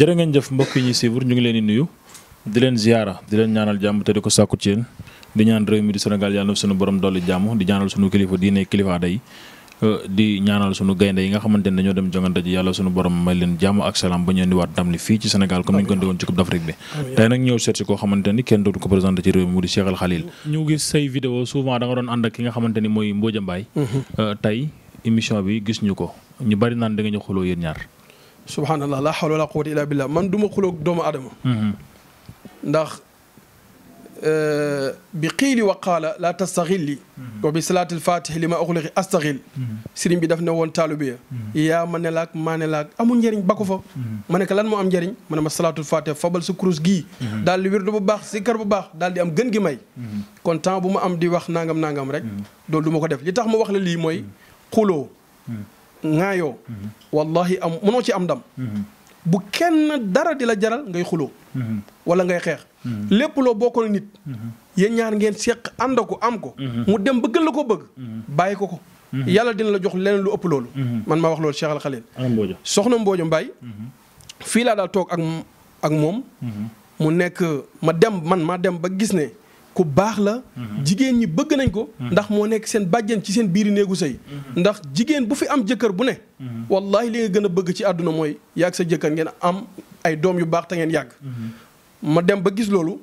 jërë ngeen jëf mbokk yi ñuy suivre ñu ngi leen di nuyu di leen ziyaara di leen ñaanal jàmm te di ko sàkku ci yéen di ñaan réew mi di Sénégal yàlla na suñu borom dolli di ñaanal suñu kilifa diine kilifa day euh, di ñaanal suñu gaynde yi nga xamante ne dañoo dem jongante ji yàlla suñu borom may leen jàmm ak salaam ba ñu andi waat ndam li fii ci Sénégal comme ni ko indiwoon ci Coupe d'Afrique bi tey nag ñëw seet si koo xamante kenn dootu ko présenté ci réew mi mu di Cheikh Al ñu gis say vidéo souvent da doon ànd mooy Mbodja Mbaye mhm. euh, tey émission gis ñu ko ñu bari naan da nga ñu xuloo yéen ñaar subhanallah la hawla wala quwwata illa billah man du ma xuloog doomu aadama mm-hmm. ndax eh, bi qiili wa qaala laa tastaxilli mm-hmm. wa bi salaati alfatixi li ma oxliqi astaxil mm-hmm. sëriñ bi daf ne woon taalibe ya yaa ma ne laak maa ne laak amul njëriñ ba fa ma nekk lan moo am njëriñ ma ne ma salaatul fatixa fabal sa kurus gii daal di wirdu bu baax sikkar bu baax daal di am gën gi may kon temps bu ma am di wax nangam nangam rek loolu du ma ko def li tax ma wax la lii mooy xuloo ŋaayoo wallahi am mënoo ci am ndam bu kenn dara di la jaral ngay xuloo wala ngay xeex lépp loo bokkul nit yéen ñaar ngeen seq ànd ko am ko mu dem bëggal la ko bëgg bàyyi ko ko yàlla dina la jox leneen lu ëpp loolu man maa wax loolu Cheikh Al Khalil soxna Mboojo Mbaay fii laa daal toog ak moom mu nekk ma dem man maa dem ba gis ne ku baax la mhm. jigéen ñi bëgg nañ ko mhm. ndax moo nekk seen bàjjen ci seen biiri néegu sëy mhm. ndax jigéen bu fi am jëkkër bu ne wallahi li nga gën a bëgg ci àdduna mooy yàgg sa jëkkër ngeen am ay doom yu baax te ngeen yàgg ma dem ba gis loolu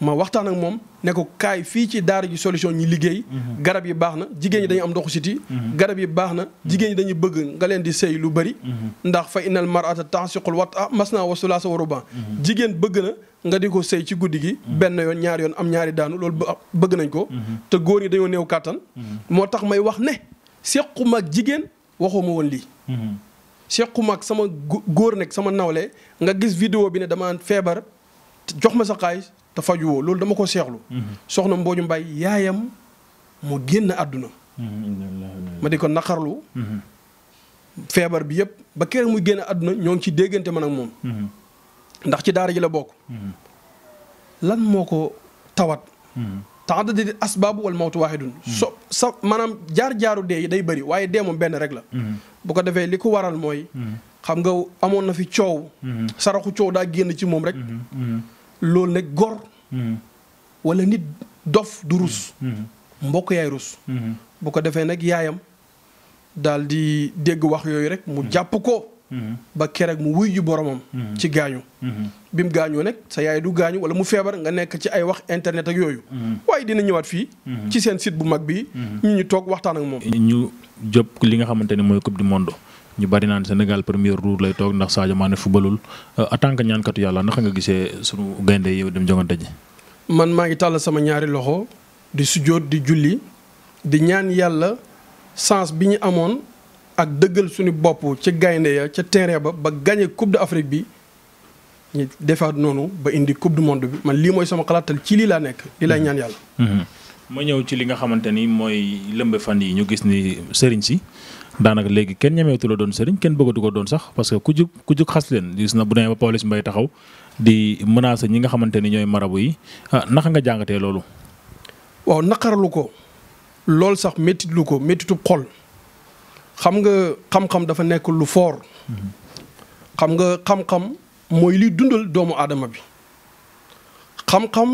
ma waxtaan ak moom ne ko kaay fii ci daara ji solution ñi liggéey. Mhm. garab yi baax na jigéen ñi dañu am ndoxu siti mhm. garab yi baax na mhm. jigéen ñi dañuy bëgg nga leen di sëy lu bëri. ndax fa innal mar'ata tansiqul wat ah mas naa wasula sa waruban jigéen bëgg na nga di ko sëy ci guddi gi. benn yoon ñaari yoon am ñaari daanu loolu bëgg nañ ko. te góor ñi dañoo néew kàttan. moo tax may wax ne sequma ak jigéen waxuma woon lii. sequma ak sama góor nekk sama nawle nga gis vidéo bi ne dama feebar jox ma sa xaalis te fajuwoo loolu dama ko seexlu. Mhm. soxna Mbooju Mbay yaayam mu génn àdduna. Mhm. ma di ko naqarlu. Mhm. feebar bi yépp ba keroog mu génn àdduna ñoo ngi ci déggante man ak moom. ndax ci daara ji la bokk. lan moo ko tawat. taadadi asbaabu wal mawtu waahidun so sa maanaam jaar-jaaru dee yi day bari waaye dee moom benn rek la. bu ko defee li ko waral mooy. xam nga amoon na fi coow. saraxu coow daa génn ci moom rek. loolu nag gor. wala nit dof du rus. Mm-hmm. mbokk yaay rus. Mm-hmm. bu ko defee nag yaayam daal di dégg wax yooyu rek mu mm-hmm. jàpp ko. ba keroog mu wuy ju boromam. ci gaañu. bi mu gaañoo nag sa yaay du gaañu wala mu feebar nga nekk ci ay wax internet ak yooyu. waaye dina ñëwaat fii. ci seen site bu mag bi ñu ñu toog waxtaan ak moom. ñu jóg li nga xamante ne mooy coupe du monde. ñu bari naan Sénégal premier tour lay toog ndax Sadio Mané fubalul euh, en tant que ñaankatu yàlla naka nga gisee sunu gaynde yow dem jongante ji. man maa ngi tàll sama ñaari loxo di sujjóot di julli di ñaan yàlla sens bi ñu amoon ak dëggal suñu bopp ca gaynde ya ca tere ba ba gagné coupe d'Afrique bi. ñu defaat noonu ba indi coupe du monde bi man lii mooy sama xalaatal ci lii laa nekk lii lay ñaan yàlla. Mm-hmm. ma ñëw ci li nga xamante ni mooy lëmbe fan yi ñu gis ni sëriñ si daanaka léegi kenn ñemeetu la doon sëriñ kenn bëggatu ko doon sax parce que ku jug ku jug xas leen na bu demee ba Pawlish Mbaye taxaw di menacer ñi nga xamante ni ñooy marabu yi ah naka nga jàngatee loolu. waaw naqaralu ko loolu sax méttitlu ko méttitub xol xam nga xam-xam dafa nekk lu foor xam nga xam-xam mooy liy dundal doomu aadama bi xam-xam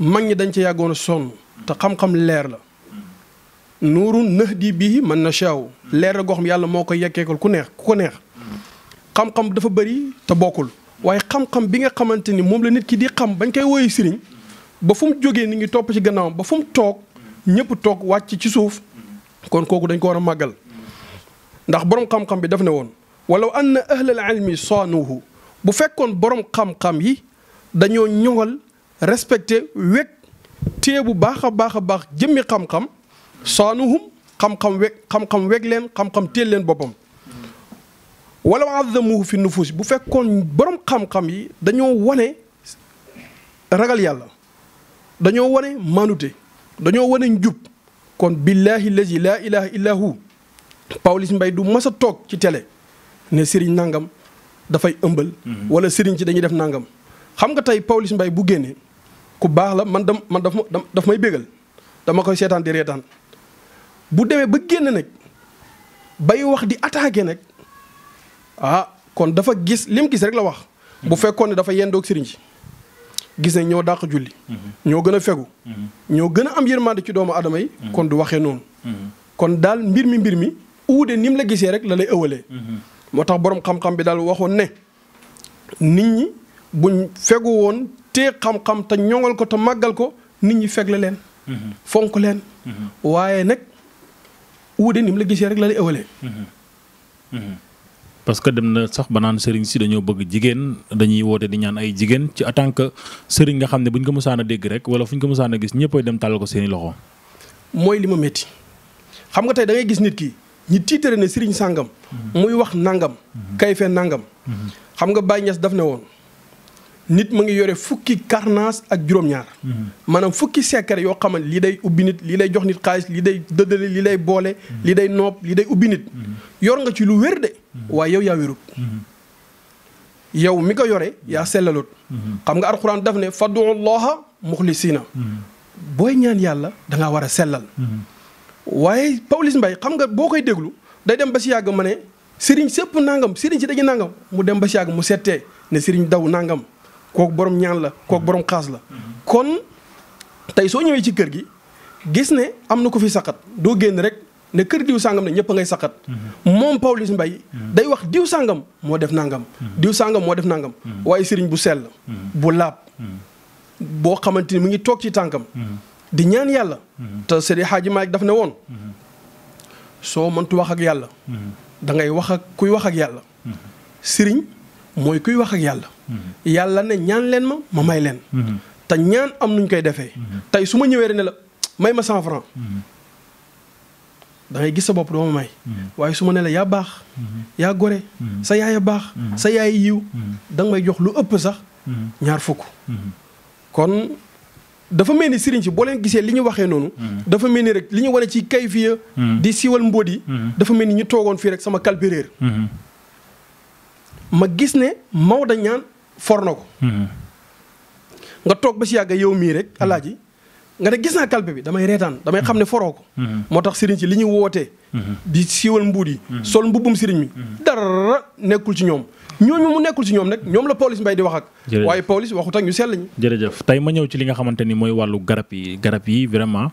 mag ñi dañ ca yàggoon a sonn. te xam-xam leer la nuuru nëx di bii mën na chaaw leer la goo yàlla moo koy yekkeekal ku neex ku ko neex xam-xam dafa bëri te bokkul waaye xam-xam bi nga xamante ni moom la nit ki di xam bañ koy woyu sëriñ ba fu mu jógee ni ngi topp ci gannaawam ba fu mu toog ñëpp toog wàcc ci suuf kon kooku dañ ko war a màggal ndax borom xam-xam bi daf ne woon walaw anna ahlal soo saanuhu bu fekkoon boroom xam-xam yi dañoo ñoŋal respecté wekk téye bu baax a baax a baax jëmmi xam-xam saanuhum xam-xam weg xam-xam leen xam-xam téel leen boppam wala azamuhu fi nufuus bu fekkoon borom xam-xam yi dañoo wane ragal yàlla dañoo wane manute dañoo wane njub kon billahi lazi laa ilaha illa hu Pawlish du mas a toog ci tele ne sëriñ nangam dafay ëmbël mhm. wala sëriñ ci dañuy def nangam xam nga tey Pawlish mbay bu génne ku baax la man dam man daf ma daf may bégal dama koy seetaan di reetaan bu demee ba génn nag bay wax di attaqué nag ah kon dafa gis lim gis rek la wax. bu mhm. fekkoon ne dafa yendoog sëriñ si gis nañ ñoo dàq julli. Mhm. ñoo gën a fegu. Mhm. ñoo gën a am yërmande ci doomu adama yi. kon du waxee noonu. kon daal mbir mi mbir mi uude ni la gisee rek la lay ëwale moo tax boroom xam-xam bi daal waxoon ne nit ñi buñ fegu woon. te xam-xam te ñoŋal ko te màggal ko nit ñi fegle leen. Mhm. fonk leen. Mhm. waaye nag wuude ni mu la gisee rek la lay ëwalee. Mhm. parce que dem na sax ba naan sëriñ si dañoo bëgg jigéen dañuy woote di ñaan ay jigéen ci en tant que sëriñ nga xam ne buñ ko mësaan a dégg rek wala fuñ ko mësaan a gis ñëppay dem tàllal ko seeni loxo. mooy li ma métti xam nga tey da gis nit ki ñi tiitare ne sëriñ sàngam. muy wax nangam. kay fee nangam. xam nga Baye Niass daf ne woon. nit mu ngi yore fukki karnaas ak juróom-ñaar mhm. maanaam fukki secret yoo xaman lii day ubbi nit lii day jox nit xaalis lii day dëddale lii day boole mhm. lii day noob lii day ubbi nit mhm. yor nga ci lu wér de waaye yow yaa wérut yow mi ko yore yaa sellalut xam nga alxuraan daf ne fadu llaha muxlisina booy ñaan yàlla da war a sellal waaye Pawlish Mbaye xam nga boo koy déglu day dem ba si yàgg ma ne sëriñ sëpp nangam sëriñ ci dañu nangam mu dem ba si yàgg mu settee ne sëriñ daw nangam kook boroom ñaan la kooku borom xaas la. kon tey soo ñëwee ci kër gi gis ne am na ko fi saqat doo génn rek ne kër diw sàngam na ñëpp ngay saqat. moom Pawlish mbay day wax diw sàngam moo def nangam. diw sàngam moo def nangam. waaye sëriñ bu sell. bu laab. boo xamante ni mu ngi toog ci tànkam. di ñaan yàlla. te Seydi Hadji Malick daf ne woon. soo mëntu wax ak yàlla. da wax ak kuy wax ak yàlla. sëriñ mooy kuy wax ak yàlla. yàlla ne ñaan leen ma ma may leen. te ñaan am nuñ koy defee. tey su ma ñëwee ne la may ma cent franc. da gis sa bopp doo may. waaye su ma ne la yaa baax. yaa gore. sa yaay baax. sa yaay yiw. da may jox lu ëpp sax. ñaar fukk. kon dafa mel ni sëriñ si boo leen gisee li ñu waxee noonu. dafa mel ni rek li ñu wane ci kayfiya. di siwal mbóot yi. dafa mel ni ñu toogoon fii rek sama kalpe ma gis ne Maodo ñaan for na ko. Mm-hmm. nga toog ba si yàgg yow mii rek mm-hmm. alaaji nga ne gis naa kalpe bi damay reetaan damay xam ne foro ko mm-hmm. moo tax sëriñ si li ñu wootee mm-hmm. di siiwal mbuut yi mm-hmm. sol mbubbum sëriñ mi dara nekkul ci ñoom ñooñu mu nekkul ci ñoom nag ñoom la Pawlish mbay di wax ak waaye Pawlish waxut ak ñu sell ñi jërëjëf tey ma ñëw ci li nga xamante ni mooy wàllu garab yi garab yi vraiment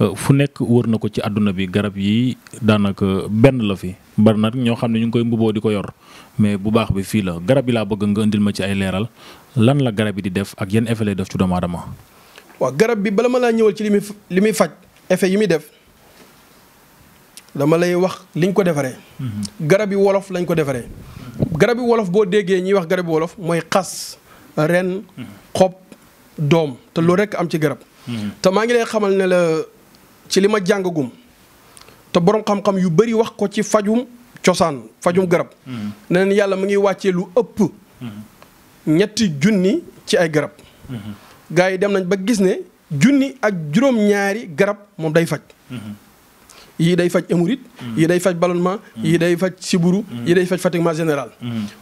euh, fu nekk wër na ko ci àdduna bi garab yi daanaka benn la fi bari na ñoo xam ne ñu ngi koy mbuboo di ko yor mais bu baax bi fii la garab yi laa bëgg nga ma ci ay leeral lan la garab yi di def ak yan effet lay doomu aadama waa garab bi bala ma laa ñëwal ci li muy li muy faj effet yi muy def dama lay wax liñ ko defaree. Mm-hmm. garab yi wolof lañ ko defaree. garab yi wolof boo déggee ñuy wax garab yi wolof mooy xas ren mm-hmm. xob doom te loolu rekk am ci garab. Mm-hmm. te maa ngi lay xamal ne la ci li ma jàngagum te boroom xam-xam yu bari wax ko ci fajum cosaan fajum garab. nee yàlla mu ngi wàccee lu ëpp. ñetti junni ci ay garab. gars yi dem nañ ba gis ne junni ak juróom-ñaari garab moom day faj. Mhm. yii day faj hémorroïde mhm. yi day faj ballonnement mhm. yii day faj siburu yi day faj fatiguement général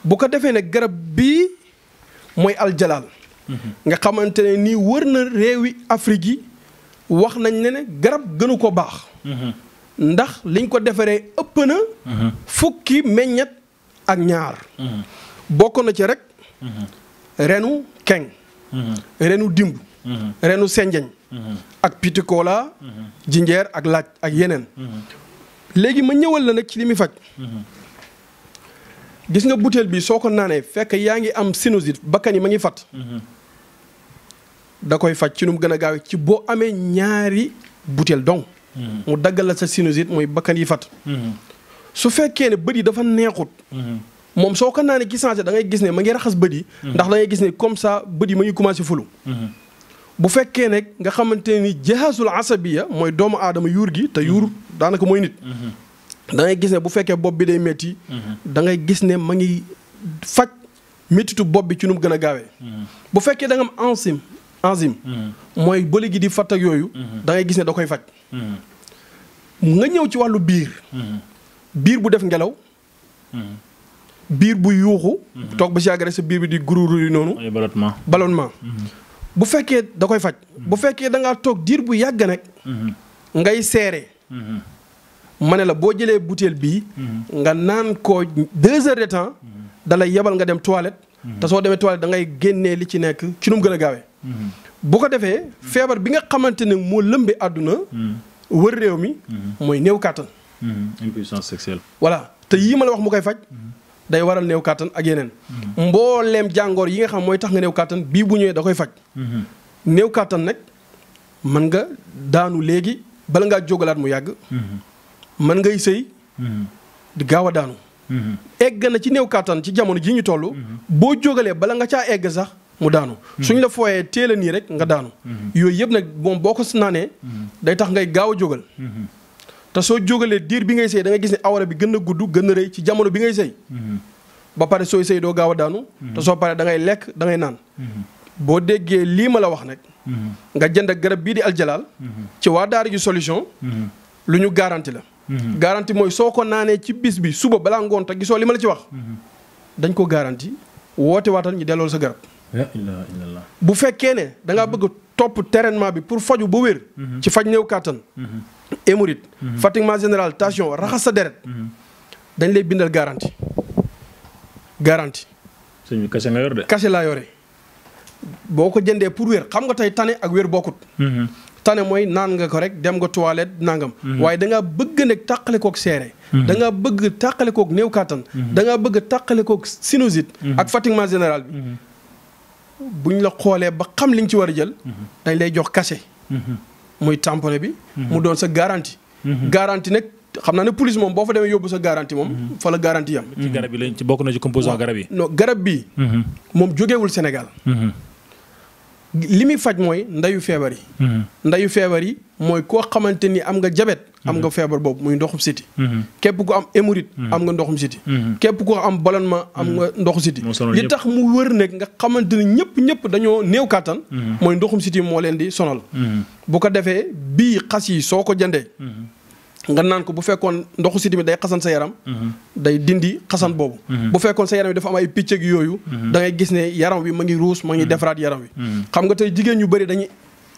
bu ko defee ne garab bii mooy aljalaal nga xamante ne nii wër na réewi Afrique yi wax nañ ne ne garab gënu ko baax ndax liñ ko defaree ëpp na fukki meññet ak ñaar bokk na ci rek renu keng Mm-hmm. reenu dimb mm-hmm. reenu senjeñ mm-hmm. ak pitikola jinjeer ak laaj ak yeneen léegi ma ñëwal la nag ci li muy faj gis nga butéel bi soo ko naanee fekk yaa ngi am sinusite bakkan yi ma ngi fat da koy faj ci nu mu gën a gaaw ci boo amee ñaari butéel donc mu daggal la sa sinusite mooy bakkan yi fat su fekkee ne bët yi dafa neexut moom soo ko naanee ki changé da ngay gis ne ma ngi raxas bët yi. Mm-hmm. ndax da gis ne comme sa bët yi ma ngi commencé fulu. Mm-hmm. bu fekkee ne nga xamante ni jahaasul asabiya mooy doomu aadama yuur gi te yuur mm-hmm. daanaka mooy nit. da gis ne bu fekkee bopp bi day métti. da ngay gis ne ma ngi faj méttitu bopp bi ci nu mu gën a gaawee. bu fekkee da nga am ensime ensime mooy bële gi di fatt ak yooyu. da ngay gis ne da koy faj. nga ñëw ci wàllu biir. biir bu def ngelaw. biir bu yuuxu. Mhm. toog ba si yàgg rek sa biir bi di gururu yi noonu. ballonnement mhm. bu fekkee da koy faj. Mhm. bu fekkee da ngaa toog diir bu yàgg nag. ngay seere. ma ne la boo jëlee butéel bi nga naan ko deux heures de temps. da yebal nga dem toilette. te soo demee toilette da ngay génnee li ci nekk ci nu mu gën a gaawee. bu ko defee feebar bi nga xamante ne moo lëmbe àdduna. wër réew mi. mooy néew kàttan. impuissance sexuelle. te yii ma la wax mu koy faj. day waral néew kàttan ak yeneen. mbooleem jàngoor yi nga xam mooy tax nga new kàttan bii bu ñëwee da koy faj. Mm-hmm. néew kàttan nag man nga daanu léegi bala ngaa jógalaat mu yàgg. man mm-hmm. ngay sëy. Mm-hmm. di gaaw a daanu. egg na ci new kàttan ci jamono ji ñu toll. boo jógalee bala nga ca egg sax mu daanu. suñ la fooyee teel a nii rek nga daanu. yooyu yëpp nag boom boo ko naanee. day tax ngay gaaw a jógal. te soo jógalee diir bi ngay sëy dangay gis ne awara bi gën a gudd gën a rëy ci jamono bi ngay sëy mm-hmm. ba pare sooy sëy doo gaaw a daanu mm-hmm. te soo paree da lekk da ngay naan mm-hmm. boo déggee lii ma la wax nag nga jënd garab bii di aljalaal ci waa daara ju solution lu ñu garanti la garanti mooy soo ko naanee ci bis bi suba balaa ngoon te gisoo li ma la ci wax dañ ko garanti woote waatal ñu delloo sa garab bu fekkee ne dangaa bëgg topp traitement bi pour faju ba wér. Mhm. ci faj néew kàttan. hémorroïde. Mhm. Mhm. fatiguement général tension raxas sa deret. dañ lay bindal garantie garanti suñu kase nga yor de. kase laa yore boo ko jëndee pour wér xam nga tey tane ak wér bokkut. tane mooy naan nga ko rek dem nga toilette nangam. waaye da ngaa bëgg nekk tàqale koog seere. da ngaa bëgg tàqale koog néew kàttan. da ngaa bëgg tàqale koog sinusite. ak fatiguement général bi. bu ñu la xoolee ba xam li nga ci war a jël. Mhm. dañ lay jox cachet. Mhm. muy tamponné bi. Mhm. mu doon sa garanti garantie nag xam naa ne police moom boo fa demee yóbbu sa garanti moom. fa la garantie yam ci garab yi lañ ci bokk na ci composant garab yi. non garab bii moom jógewul Sénégal. li muy faj mooy ndayu feebar yi. Mm-hmm. ndayu feebar yi mooy koo xamante ni am nga jabet. am nga mm-hmm. feebar boobu muy ndoxum siti mm-hmm. képp ku am hémorroïde am nga ndoxum siti képp koo am ballonnement am nga ndoxu siti li tax mu wër nag nga xamante ni ñëpp ñëpp dañoo néew kàttan mooy ndoxum siti moo leen di sonal bu ko defee bii xas yi soo ko jëndee nga naan ko bu fekkoon ndoxu si day xasan sa yaram. Mhm. day dindi xasan mhm. boobu. Mhm. bu fekkoon sa yaram bi dafa am ay picc yooyu. da gis ne yaram wi ma ngi ruus ma ngi defaraat yaram wi. xam nga tey jigéen ñu bëri dañuy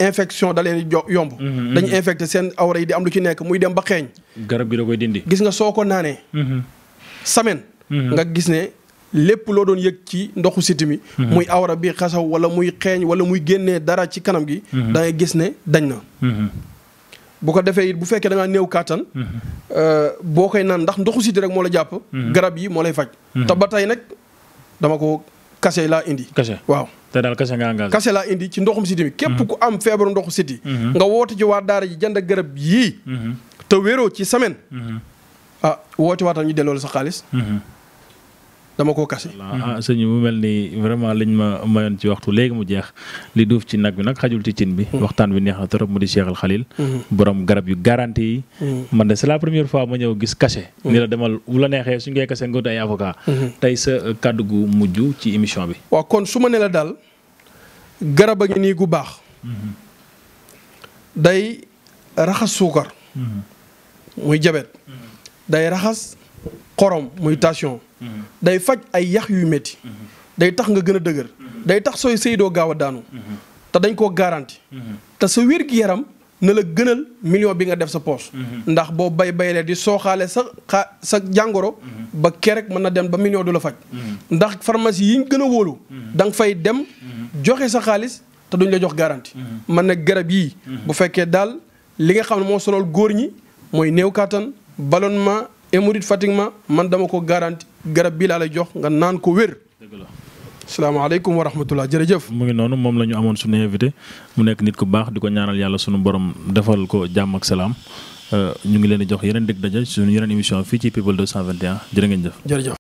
infection da leen yomb. dañuy infecté seen awra yi di am lu ci nekk muy dem ba xeeñ. garab gi da koy dindi. gis nga soo ko naanee. semaine. nga gis ne lépp loo doon yëg ci ndoxu siti mi muy awra bi xasaw wala muy xeeñ wala muy génnee dara ci kanam gi. da gis ne dañ na. bu ko defee it bu fekkee da ngaa néew kàttan mm-hmm. boo koy naan ndax ndoxu siti rek moo la jàpp mm-hmm. garab yi moo lay faj mm-hmm. te ba tey nag dama ko kase laa indi kase waaw te daal kase nga kase laa indi ci ndoxum siti mi képp ku am feebaru ndoxu siti nga woote ci waa daara ji jand garab yii te wéroo ci semaine ah woote waatam ñu delloo la sa xaalis dama koo kase. ah mu mel ni vraiment lañ ma mayoon ci waxtu léegi mu jeex li duuf ci nag bi nag xajul ci cin bi. Hmm. waxtaan bi neex na trop mu di Cheikh Al Khalil. Hmm. borom garab yu garanti yi. Hmm. man de c'est la première fois ma ñëw gis kase. ni la demal bu la neexee suñ koy kase nga ay avocat tey sa kàddu gu mujj ci émission bi. waaw kon su ma ne la daal garab a ngi nii gu baax. day raxas suukar. muy jabet. day raxas. xorom muy tension. day faj ay yax yuy métti. day tax nga gën a dëgër. day tax sooy sëy gaaw a daanu. te dañ koo garanti. te sa wér-gi-yaram na la gënal million bi nga def sa poche. ndax boo bay baylee di soo sooxaale sa xa sa jàngoro. ba kerek mën na dem ba million du la faj. ndax pharmacie yi ñu gën a wóolu. danga fay dem joxe sa xaalis te duñ la jox garanti. man nag garab yi bu fekkee daal li nga xam ne moo sonal góor ñi mooy néew kattan ballonnement. hémorroïde fatigue ma man dama ko garanti garab bii laa lay jox nga naan ko wér. dëgg la salaamaaleykum wa rahmatulah jërëjëf. mu ngi noonu moom la ñu amoon suñu invité mu nekk nit ku baax di ko ñaanal yàlla sunu borom defal ko jàmm ak salaam euh, ñu ngi leen di jox yeneen dëkk daje suñu yeneen émission fii ci people 221 jërë ngeen jëf.